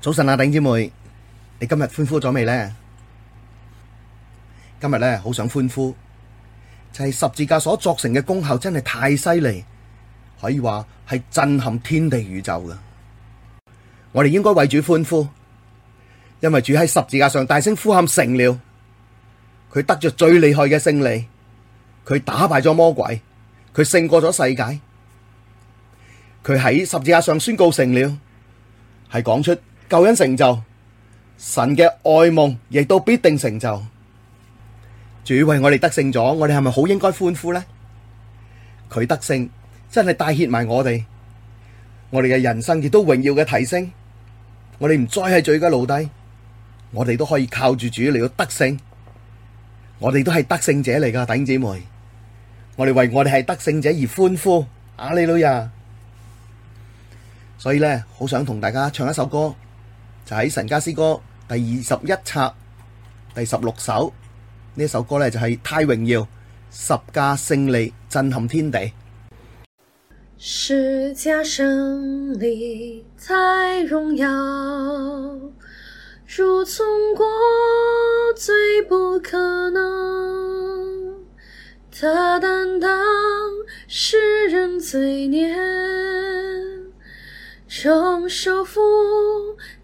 早晨啊，頂姐妹，你今日歡呼咗未呢？今日呢，好想歡呼，就係十字架所作成嘅功效真係太犀利，可以話係震撼天地宇宙嘅。我哋應該為主歡呼，因為主喺十字架上大聲呼喊成了，佢得着最厲害嘅勝利，佢打敗咗魔鬼，佢勝過咗世界，佢喺十字架上宣告成了，係講出。救恩成就，神嘅愛夢亦都必定成就。主為我哋得勝咗，我哋係咪好應該歡呼呢？佢得勝，真係帶挈埋我哋，我哋嘅人生亦都榮耀嘅提升。我哋唔再係罪嘅奴隸，我哋都可以靠住主嚟到得勝。我哋都係得勝者嚟噶，弟兄姐妹，我哋為我哋係得勝者而歡呼。阿利路亞啊，所以呢，好想同大家唱一首歌。就喺神家詩歌第二十一冊第十六首呢首歌呢，就係太榮耀，十架勝利震撼天地。十架勝利太榮耀，主衝過最不可能祂擔當，世人罪孽承受父。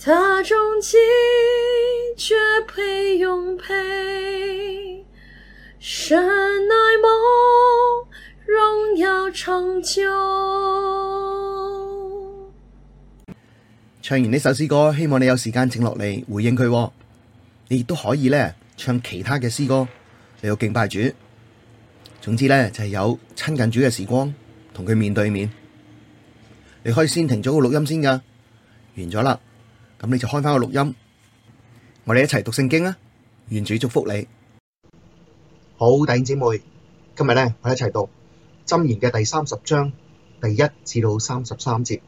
他終極絕配、永配，神愛夢榮耀長久。唱完呢首詩歌，希望你有時間靜落嚟回應佢喎。你亦都可以咧唱其他嘅詩歌，你有敬拜主。總之咧就係、是、有親近主嘅時光，同佢面對面。你可以先停咗個錄音先噶，完咗啦。咁你就開翻個錄音，我哋一齊讀聖經啊！願主祝福你。好，弟兄姊妹，今日咧我哋一齊讀箴言嘅第三十章第一至到三十三節。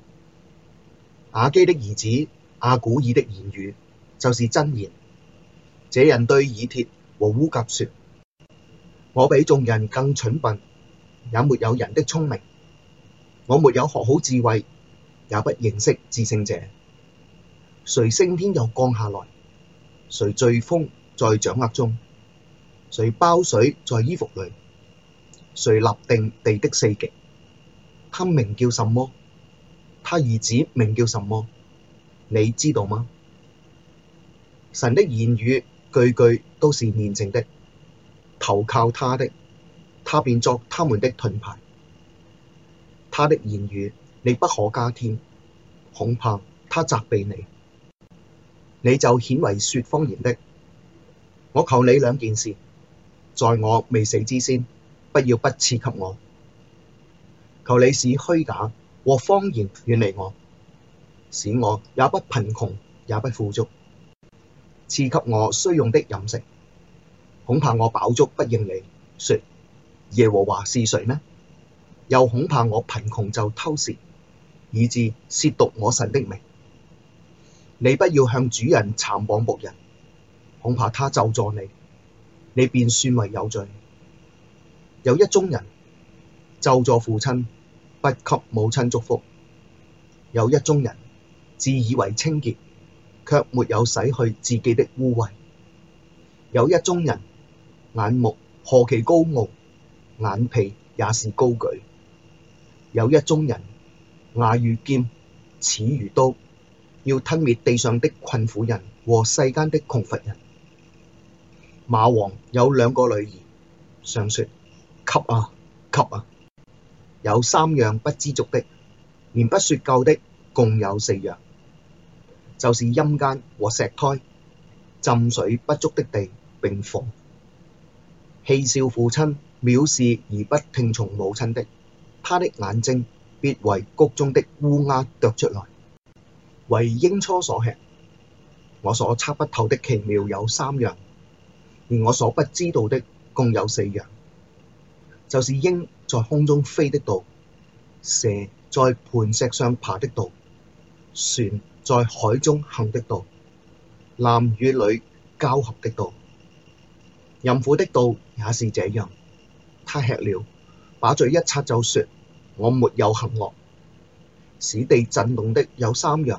雅基的兒子亞古珥的言語就是真言。這人對以鐵和烏甲說：我比眾人更蠢笨，也沒有人的聰明。我沒有學好智慧，也不認識至聖者。誰升天又降下來？誰聚風在掌握中？誰包水在衣服裏？誰立定地的四極？他名叫什麼？他兒子名叫什麼？你知道嗎？神的言語句句都是煉淨的，投靠他的，他便作他們的盾牌。他的言語你不可加添，恐怕他責備你。你就顯為說謊言的，我求你兩件事，在我未死之先，不要不賜給我；求你使虛假和謊言遠離我，使我也不貧窮也不富足，賜給我需用的飲食。恐怕我飽足不認你說，耶和華是誰呢？又恐怕我貧窮就偷竊，以致褻瀆我神的名。你不要向主人讒謗僕人，恐怕他咒詛你，你便算為有罪。有一宗人咒詛父親，不給母親祝福；有一宗人自以為清潔，卻沒有洗去自己的污穢；有一宗人眼目何其高傲，眼皮也是高舉；有一宗人牙如劍，齒如刀。要吞滅地上的困苦人和世間的窮乏人。螞蟥有兩個女兒，常說：給呀，給呀！有三樣不知足的，連不說夠的共有四樣，就是陰間和石胎、浸水不足的地並火、戲笑父親、藐視而不聽從母親的。他的眼睛必為谷中的烏鴉啄出來。為鷹雛所吃，我所測不透的奇妙有三樣，而我所不知道的共有四樣，就是鷹在空中飛的道，蛇在磐石上爬的道，船在海中行的道，男與女交合的道，淫婦的道也是這樣。他吃了，把嘴一擦就說我沒有行惡，使地震動的有三樣。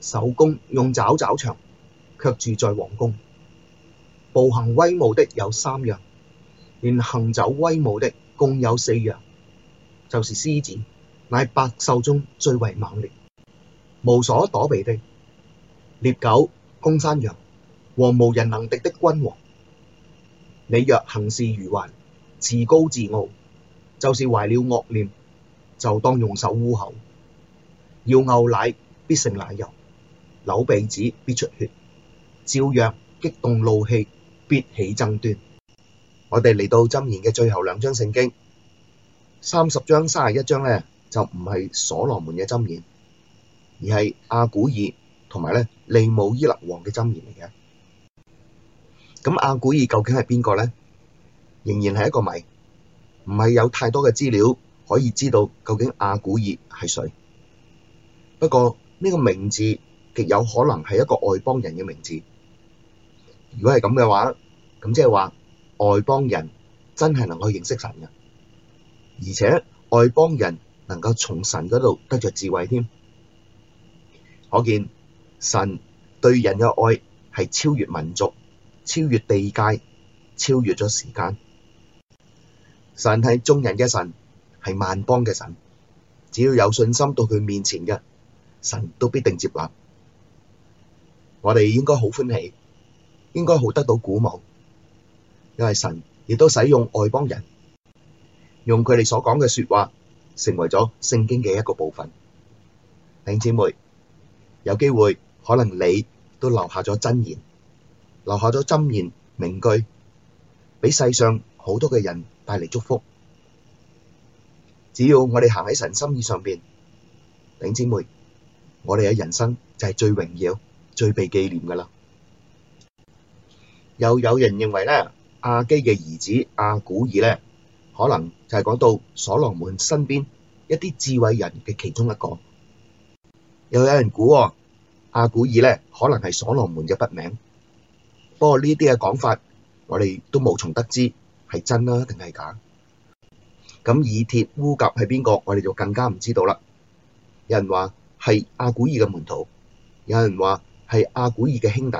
手工用爪爪牆，卻住在皇宮。步行威武的有三樣，連行走威武的共有四樣，就是獅子，乃百獸中最為猛烈，無所躲避的獵狗、公山羊和無人能敵的君王。你若行事如患，自高自傲，就是懷了惡念，就當用手污口，要牛奶必成奶油。扭鼻子必出血，照樣，激動怒氣必起爭端。我哋嚟到箴言嘅最後兩章聖經，三十章三十一章呢就唔係所羅門嘅箴言，而係亞古珥同埋呢利慕伊勒王嘅箴言嚟嘅。咁亞古珥究竟係邊個呢？仍然係一個謎，唔係有太多嘅資料可以知道究竟亞古珥係誰。不過呢個名字。亦有可能係一個外邦人嘅名字。如果係咁嘅話，咁即係話外邦人真係能夠認識神嘅，而且外邦人能夠從神嗰度得着智慧添。可見神對人嘅愛係超越民族、超越地界、超越咗時間。神係眾人嘅神，係萬邦嘅神。只要有信心到佢面前嘅，神都必定接納。我哋應該好歡喜，應該好得到鼓舞，因為神亦都使用外邦人，用佢哋所講嘅説話，成為咗聖經嘅一個部分。弟姐妹，有機會可能你都留下咗真言，留下咗真言名句，畀世上好多嘅人帶嚟祝福。只要我哋行喺神心意上邊，弟姐妹，我哋嘅人生就係最榮耀。最被紀念噶啦，又有人認為咧，阿基嘅兒子阿古爾咧，可能就係講到所羅門身邊一啲智慧人嘅其中一個。又有人估、哦、阿古爾咧，可能係所羅門嘅筆名。不過呢啲嘅講法，我哋都無從得知係真啦定係假。咁以鐵烏格係邊個？我哋就更加唔知道啦。有人話係阿古爾嘅門徒，有人話，係亞古珥嘅兄弟。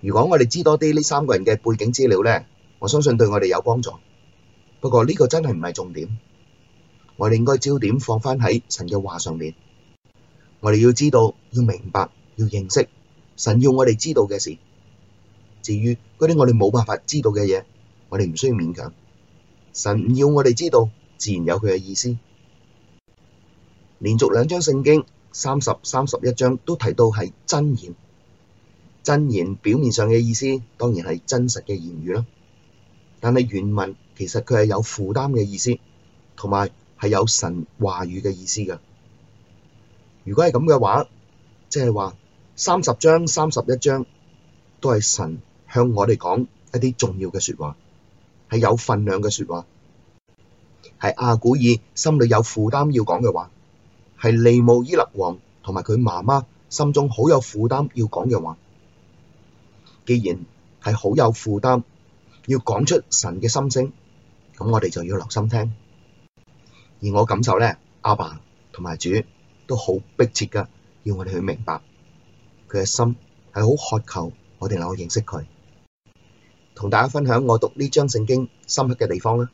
如果我哋知多啲呢三個人嘅背景資料呢，我相信對我哋有幫助。不過呢個真係唔係重點，我哋應該焦點放返喺神嘅話上面。我哋要知道、要明白、要認識神要我哋知道嘅事。至於嗰啲我哋冇辦法知道嘅嘢，我哋唔需要勉強。神要我哋知道，自然有佢嘅意思。連續兩章聖經。三十三十一章都提到係真言，真言表面上嘅意思當然係真實嘅言語啦。但係原文其實佢係有負擔嘅意思，同埋係有神話語嘅意思嘅。如果係咁嘅話，即係話三十章、三十一章都係神向我哋講一啲重要嘅說話，係有份量嘅說話，係亞古珥心裏有負擔要講嘅話。係利慕伊勒王同埋佢媽媽心中好有負擔要講嘅話，既然係好有負擔要講出神嘅心聲，咁我哋就要留心聽。而我感受咧，阿爸同埋主都好迫切㗎，要我哋去明白。佢嘅心係好渴求我哋能夠認識佢。同大家分享我讀呢章聖經深刻嘅地方啦。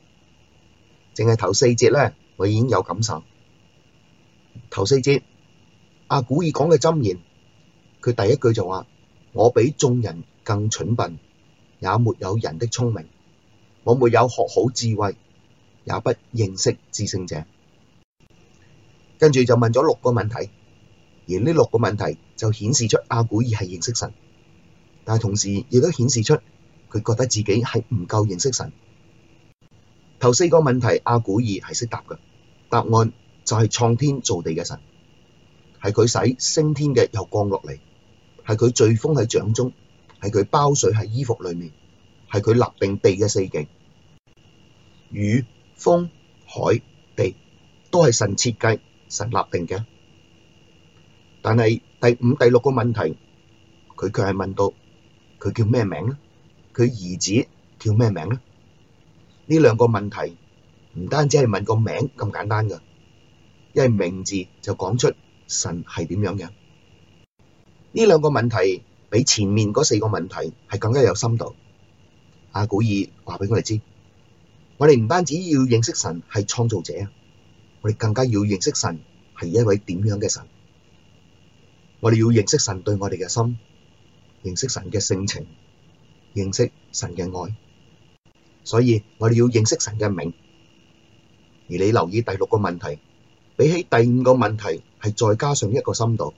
淨係頭四節咧，我已經有感受。頭四節阿古爾講嘅箴言，佢第一句就話：我比眾人更蠢笨，也沒有人的聰明。我沒有學好智慧，也不認識至聖者。跟住就問咗六個問題，而呢六個問題就顯示出阿古爾係認識神，但係同時亦都顯示出佢覺得自己係唔夠認識神。頭四個問題阿古爾係識答嘅答案。就係創天造地嘅神，係佢使升天嘅，又降落嚟，係佢聚風喺掌中，係佢包水喺衣服裏面，係佢立定地嘅四極，雨、風、海、地都係神設計、神立定嘅。但係第五、第六個問題，佢卻係問到佢叫咩名咧？佢兒子叫咩名咧？呢兩個問題唔單止係問個名咁簡單㗎。因為名字就講出神係點樣嘅，呢兩個問題比前面嗰四個問題係更加有深度。阿古爾話畀我哋知，我哋唔單止要認識神係創造者啊，我哋更加要認識神係一位點樣嘅神。我哋要認識神對我哋嘅心，認識神嘅性情，認識神嘅愛，所以我哋要認識神嘅名。而你留意第六個問題。比起第五個問題，係再加上一個深度，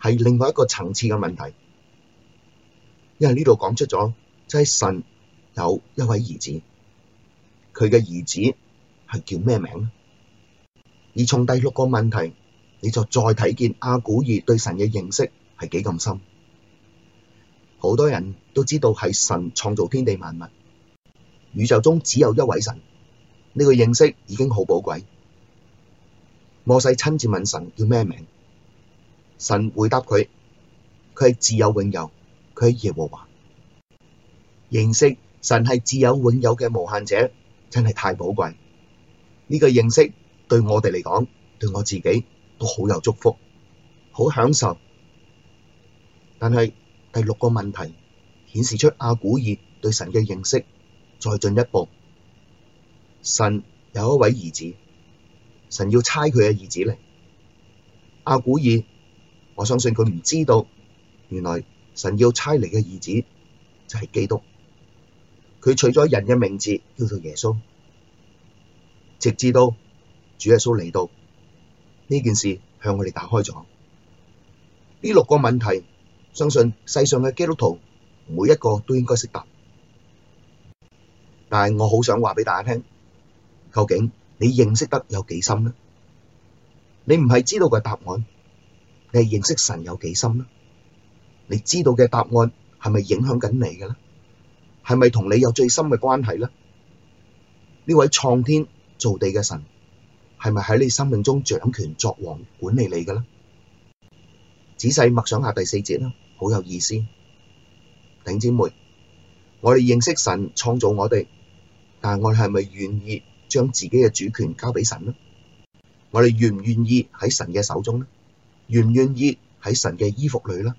係另外一個層次嘅問題。因為呢度講出咗，即係神有一位兒子，佢嘅兒子係叫咩名呢？而從第六個問題，你就再睇見阿古爾對神嘅認識係幾咁深。好多人都知道係神創造天地萬物，宇宙中只有一位神，呢個認識已經好寶貴。摩西親自問神叫咩名，神回答佢：佢係自有永有，佢係耶和華。認識神係自有永有嘅無限者，真係太寶貴。呢、這個認識對我哋嚟講，對我自己都好有祝福，好享受。但係第六個問題顯示出亞古珥對神嘅認識再進一步。神有一位兒子。神要猜佢嘅兒子嚟，亞古珥，我相信佢唔知道，原來神要猜嚟嘅兒子就係基督，佢取咗人嘅名字叫做耶穌，直至到主耶穌嚟到，呢件事向我哋打開咗。呢六個問題，相信世上嘅基督徒每一個都應該識答，但係我好想話畀大家聽，究竟，你認識得有幾深呢？你唔係知道個答案，你係認識神有幾深呢？你知道嘅答案係咪影響緊你嘅呢？係咪同你有最深嘅關係呢？呢位創天造地嘅神係咪喺你生命中掌權作王管理你嘅呢？仔細默想下第四節啦，好有意思。弟兄姊妹，我哋認識神創造我哋，但係我哋係咪願意？將自己嘅主權交俾神啦，我哋願唔願意喺神嘅手中咧？願唔願意喺神嘅衣服裏啦？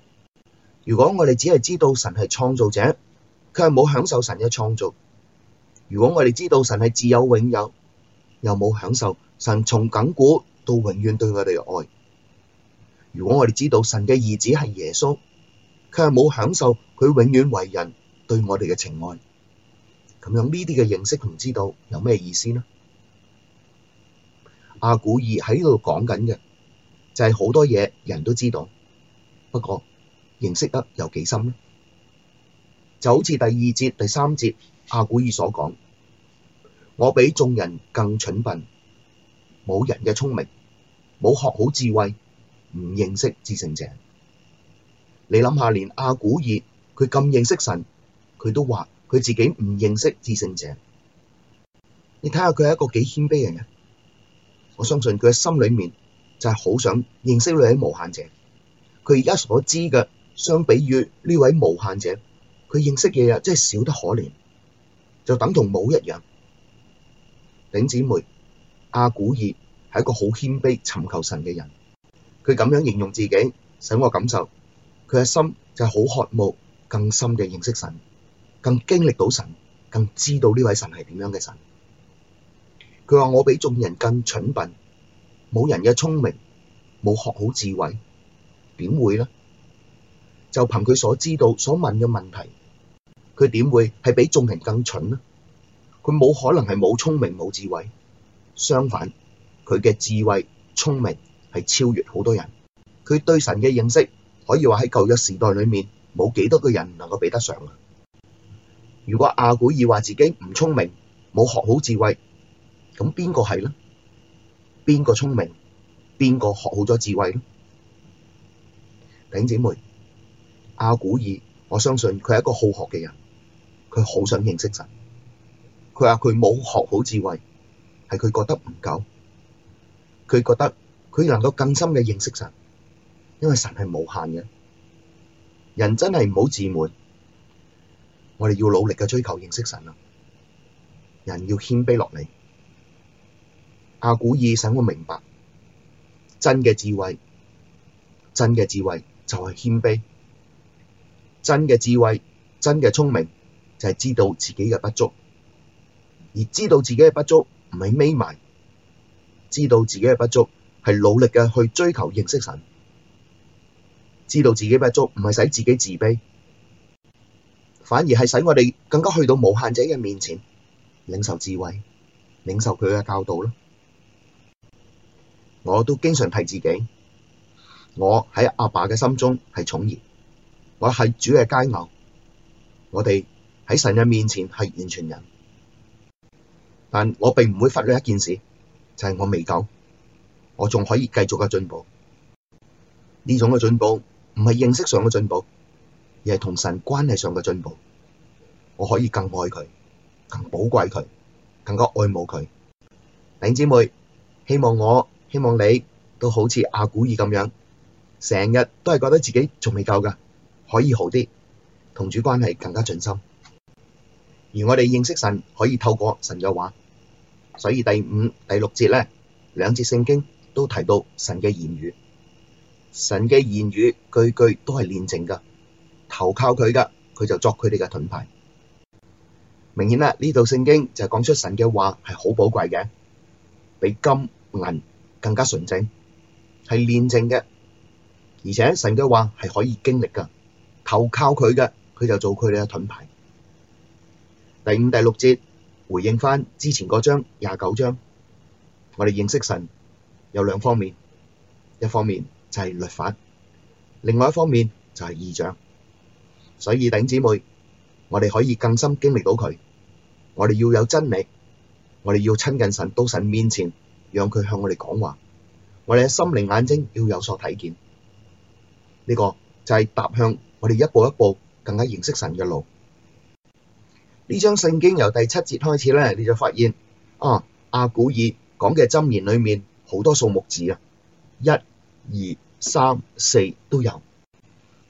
如果我哋只係知道神係創造者，佢係冇享受神嘅創造；如果我哋知道神係自有永有，又冇享受神從亙古到永遠對我哋嘅愛；如果我哋知道神嘅兒子係耶穌，佢係冇享受佢永遠為人對我哋嘅情愛。咁樣呢啲嘅認識同知道有咩意思呢？阿古爾喺呢度講緊嘅就係好多嘢人都知道，不過認識得有幾深呢？就好似第二節、第三節阿古爾所講，我比眾人更蠢笨，冇人嘅聰明，冇學好智慧，唔認識至聖者。你諗下，連阿古爾佢咁認識神，佢都話。佢自己唔認識至聖者，你睇下佢係一個幾謙卑嘅人。我相信佢嘅心裏面就係好想認識呢位無限者。佢而家所知嘅，相比於呢位無限者，佢認識嘅嘢真係少得可憐，就等同冇一樣。頂姊妹，亞古珥係一個好謙卑尋求神嘅人，佢咁樣形容自己，使我感受佢嘅心就係好渴望更深嘅認識神。更經歷到神，更知道呢位神係點樣嘅神。佢話：我比眾人更蠢笨，冇人嘅聰明，冇學好智慧，點會呢？就憑佢所知道、所問嘅問題，佢點會係比眾人更蠢呢？佢冇可能係冇聰明冇智慧。相反，佢嘅智慧、聰明係超越好多人。佢對神嘅認識，可以話喺舊約時代裏面，冇幾多個人能夠比得上啊！如果亞古珥話自己唔聰明，冇學好智慧，咁邊個係呢？邊個聰明？邊個學好咗智慧呢？弟兄姐妹，亞古珥，我相信佢係一個好學嘅人，佢好想認識神。佢話佢冇學好智慧，係佢覺得唔夠，佢覺得佢能夠更深嘅認識神，因為神係無限嘅。人真係唔好自滿。我哋要努力嘅追求認識神啊！人要謙卑落嚟。亞古珥使我明白真嘅智慧，真嘅智慧就係謙卑。真嘅智慧，真嘅聰明就係知道自己嘅不足，而知道自己嘅不足唔係眯埋，知道自己嘅不足係努力嘅去追求認識神。知道自己不足唔係使自己自卑。反而係使我哋更加去到無限者嘅面前，領受智慧，領受佢嘅教導咯。我都經常提自己，我喺阿爸嘅心中係寵兒，我係主嘅佳偶，我哋喺神嘅面前係完全人。但我並唔會忽略一件事，就係我未夠，我仲可以繼續嘅進步。呢種嘅進步唔係認識上嘅進步。而係同神關係上嘅進步，我可以更愛佢，更寶貴佢，更加愛慕佢。弟兄姊妹，希望我希望你都好似亞古珥咁樣，成日都係覺得自己仲未夠噶，可以好啲，同主關係更加盡心。而我哋認識神可以透過神嘅話，所以第五、第六節呢兩節聖經都提到神嘅言語，神嘅言語句句句都係煉淨噶。投靠佢噶，佢就作佢哋嘅盾牌。明顯啦，呢度聖經就講出神嘅話係好寶貴嘅，比金銀更加純淨，係煉淨嘅。而且神嘅話係可以經歷噶，投靠佢嘅，佢就做佢哋嘅盾牌。第五、第六節回應翻之前嗰章廿九章，我哋認識神有兩方面，一方面就係律法，另外一方面就係異象。所以弟兄姊妹，我哋可以更深經歷到佢。我哋要有真理，我哋要親近神，到神面前，讓佢向我哋講話。我哋嘅心靈眼睛要有所睇見。呢、這個就係踏向我哋一步一步更加認識神嘅路。呢張聖經由第七節開始咧，你就發現啊，亞古珥講嘅箴言裡面好多數目字啊，一、二、三、四都有。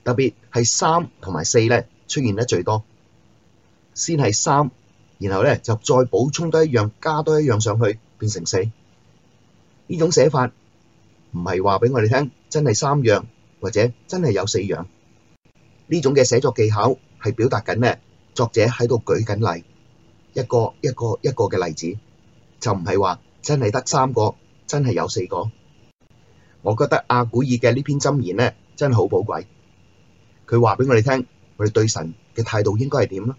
特別係三同埋四咧出現得最多，先係三，然後咧就再補充多一樣，加多一樣上去變成四。呢種寫法唔係話畀我哋聽真係三樣，或者真係有四樣。呢種嘅寫作技巧係表達緊咩？作者喺度舉緊例，一個一個一個嘅例子，就唔係話真係得三個，真係有四個。我覺得亞古珥嘅呢篇箴言咧真係好寶貴。佢話畀我哋聽，我哋對神嘅態度應該係點咧？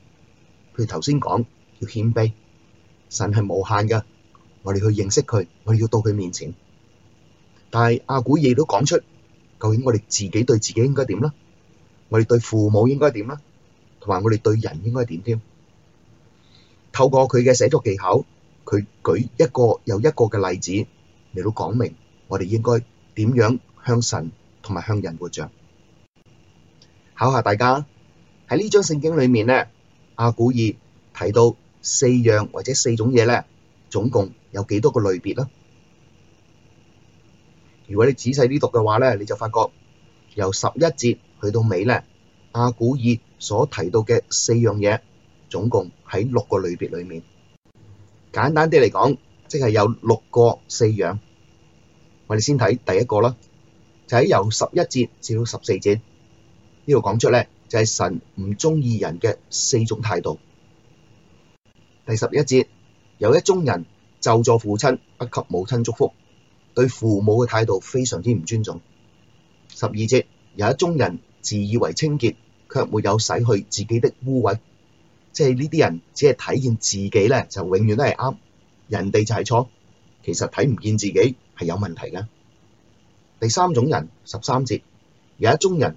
佢頭先講要謙卑，神係無限嘅，我哋去認識佢，我哋要到佢面前。但係亞古珥都講出，究竟我哋自己對自己應該點咧？我哋對父母應該點咧？同埋我哋對人應該點添？透過佢嘅寫作技巧，佢舉一個又一個嘅例子嚟到講明，我哋應該點樣向神同埋向人活着。考下大家喺呢章聖經裏面呢，亞古珥提到四樣或者四種嘢呢，總共有幾多個類別呢？如果你仔細啲讀嘅話呢，你就發覺由十一節去到尾呢，亞古珥所提到嘅四樣嘢，總共喺六個類別裏面。簡單啲嚟講，即係有六個四樣。我哋先睇第一個啦，就係由十一節至到十四節。呢度講出呢，就係神唔中意人嘅四種態度。第十一節有一種人咒詛父親，不給母親祝福，對父母嘅態度非常之唔尊重。十二節有一種人自以為清潔，卻沒有洗去自己的污穢，即係呢啲人只係睇見自己呢就永遠都係啱，人哋就係錯。其實睇唔見自己係有問題㗎。第三種人，十三節有一種人。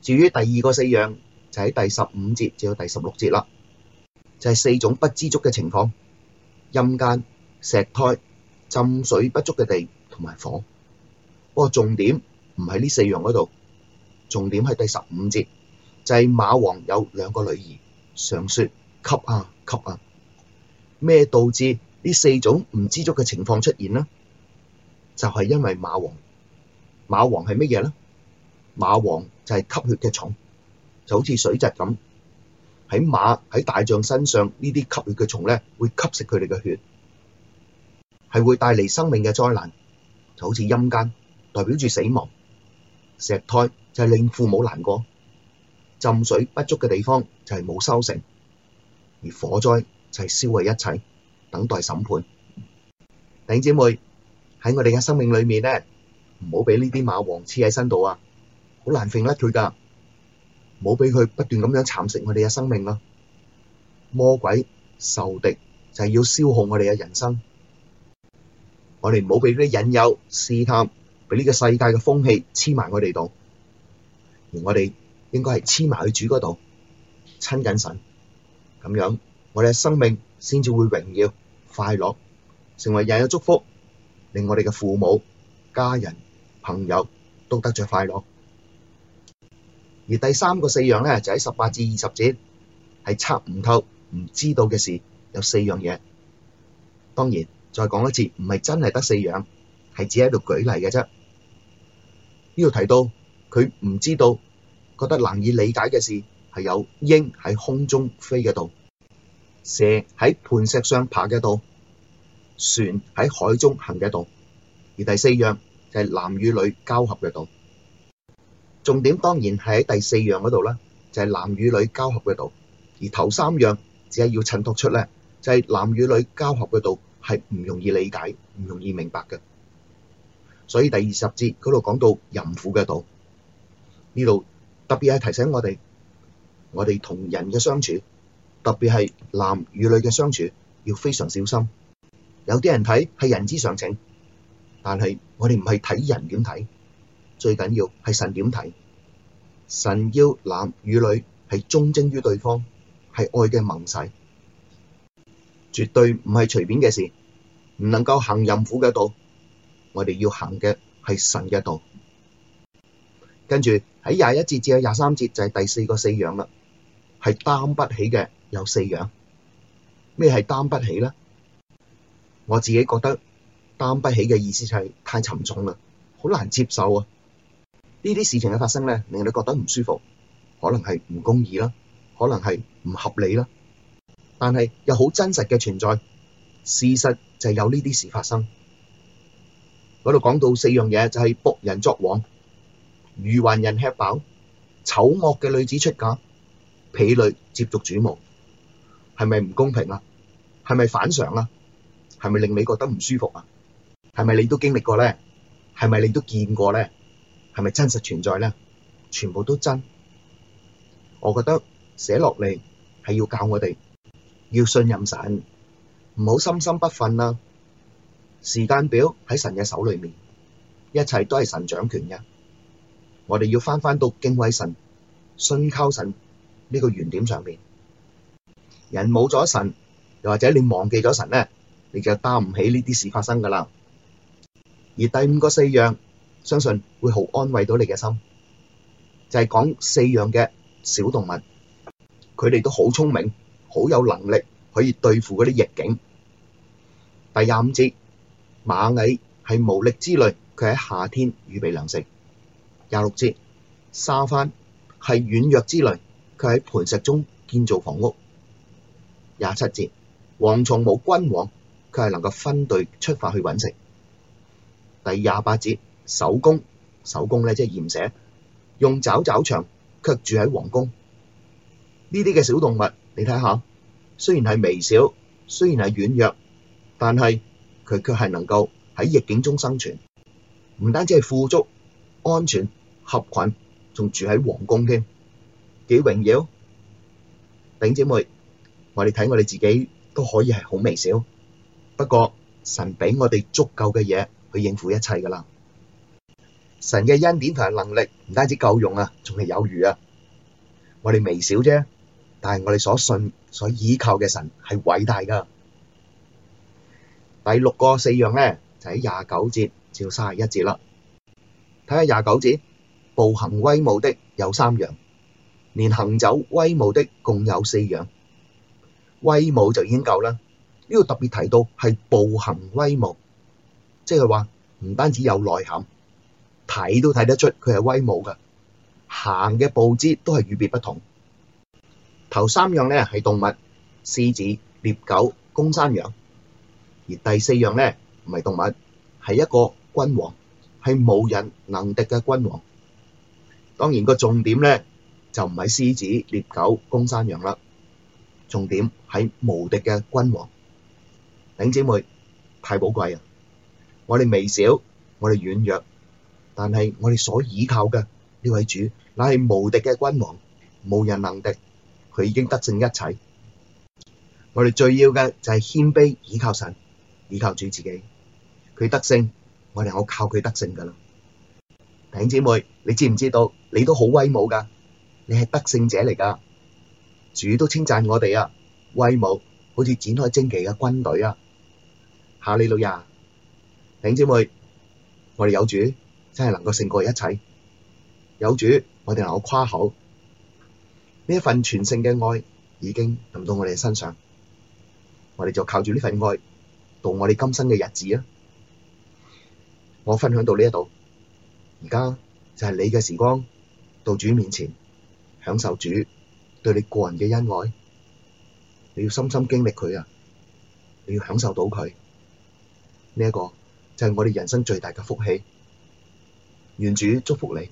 至於第二個四樣就喺第十五節至到第十六節啦，就係、是、四種不知足嘅情況：陰間、石胎、浸水不足嘅地同埋火。不過重點唔喺呢四樣嗰度，重點喺第十五節就係、是、螞蟥有兩個女兒，常說，給啊給啊。咩、啊、導致呢四種唔知足嘅情況出現呢？就係、是、因為螞蟥，螞蟥係乜嘢呢？螞蟥。就係吸血嘅蟲，就好似水蛭咁，喺馬喺大象身上呢啲吸血嘅蟲咧，會吸食佢哋嘅血，係會帶嚟生命嘅災難，就好似陰間，代表住死亡。石胎就係令父母難過，浸水不足嘅地方就係冇收成，而火災就係燒毀一切，等待審判。弟兄姊妹喺我哋嘅生命裏面咧，唔好俾呢啲螞蟥黐喺身度啊！好難甩甩佢㗎，唔好俾佢不斷咁樣蠶食我哋嘅生命啦。魔鬼仇敵就係要消耗我哋嘅人生，我哋唔好畀嗰啲引誘試探，畀呢個世界嘅風氣黐埋我哋度，而我哋應該係黐埋去主嗰度，親近神，咁樣我哋嘅生命先至會榮耀、快樂，成為人嘅祝福，令我哋嘅父母、家人、朋友都得着快樂。而第三個四樣呢，就喺十八至二十節，係測唔透、唔知道嘅事，有四樣嘢。當然再講一次，唔係真係得四樣，係只喺度舉例嘅啫。呢度提到佢唔知道，覺得難以理解嘅事，係有鷹喺空中飛嘅道，蛇喺磐石上爬嘅道，船喺海中行嘅道，而第四樣就係男與女交合嘅道。重點當然係喺第四樣嗰度啦，就係、是、男與女交合嘅道，而頭三樣只係要襯托出咧，就係、是、男與女交合嘅道係唔容易理解、唔容易明白嘅。所以第二十節嗰度講到淫婦嘅道，呢度特別係提醒我哋，我哋同人嘅相處，特別係男與女嘅相處，要非常小心。有啲人睇係人之常情，但係我哋唔係睇人點睇。最緊要係神點睇？神要男與女係忠貞於對方，係愛嘅盟誓，絕對唔係隨便嘅事，唔能夠行淫婦嘅道。我哋要行嘅係神嘅道。跟住喺廿一節至到廿三節就係第四個四樣啦，係擔不起嘅有四樣。咩係擔不起咧？我自己覺得擔不起嘅意思就係太沉重啦，好難接受啊！呢啲事情嘅發生呢，令你覺得唔舒服，可能係唔公義啦，可能係唔合理啦，但係又好真實嘅存在，事實就係有呢啲事發生。嗰度講到四樣嘢，就係僕人作王，愚頑人吃飽，醜惡嘅女子出嫁，婢女接續主母，係咪唔公平啊？係咪反常啊？係咪令你覺得唔舒服啊？係咪你都經歷過呢？係咪你都見過呢？係咪真實存在呢？全部都真，我覺得寫落嚟係要教我哋要信任神，唔好心心不忿啦、啊。時間表喺神嘅手裏面，一切都係神掌權嘅。我哋要翻返到敬畏神、信靠神呢個原點上邊。人冇咗神，又或者你忘記咗神咧，你就擔唔起呢啲事發生噶啦。而第五個四樣。相信會好安慰到你嘅心，就係講四樣嘅小動物，佢哋都好聰明，好有能力可以對付嗰啲逆境。第廿五節，螞蟻係無力之類，佢喺夏天預備糧食。廿六節，沙番係軟弱之類，佢喺磐石中建造房屋。廿七節，蝗蟲冇君王，佢係能夠分隊出發去揾食。第廿八節。守宮守宮咧，即係簷蛇用爪抓牆，卻住喺皇宮呢啲嘅小動物。你睇下，雖然係微小，雖然係軟弱，但係佢卻係能夠喺逆境中生存。唔單止係富足、安全、合群，仲住喺皇宮，添幾榮耀。頂姐妹，我哋睇我哋自己都可以係好微小，不過神俾我哋足夠嘅嘢去應付一切噶啦。神嘅恩典同埋能力唔單止夠用啊，仲係有餘啊！我哋微小啫，但係我哋所信所依靠嘅神係偉大噶。第六個四樣咧，就喺廿九節至卅一節啦。睇下廿九節，步行威武的有三樣，連行走威武的共有四樣。威武就已經夠啦。呢度特別提到係步行威武，即係話唔單止有內涵。睇都睇得出佢係威武嘅，行嘅步姿都係與別不同。頭三樣咧係動物，獅子、獵狗、公山羊；而第四樣咧唔係動物，係一個君王，係無人能敵嘅君王。當然個重點咧就唔係獅子、獵狗、公山羊啦，重點係無敵嘅君王。頂姐妹太寶貴啊！我哋微小，我哋軟弱。但係我哋所倚靠嘅呢位主，乃係無敵嘅君王，無人能敵。佢已經得勝一切。我哋最要嘅就係謙卑倚靠神，倚靠主自己。佢得勝，我哋好靠佢得勝噶啦。頂姐妹，你知唔知道？你都好威武噶，你係得勝者嚟噶。主都稱讚我哋啊，威武，好似展開旌旗嘅軍隊啊。哈利路亞，頂姐妹，我哋有主。真係能夠勝過一切，有主，我哋能夠誇口，呢一份全性嘅愛已經臨到我哋身上，我哋就靠住呢份愛度我哋今生嘅日子啊！我分享到呢一度，而家就係你嘅時光，到主面前享受主對你個人嘅恩愛，你要深深經歷佢啊！你要享受到佢，呢一個就係我哋人生最大嘅福氣。願主祝福你。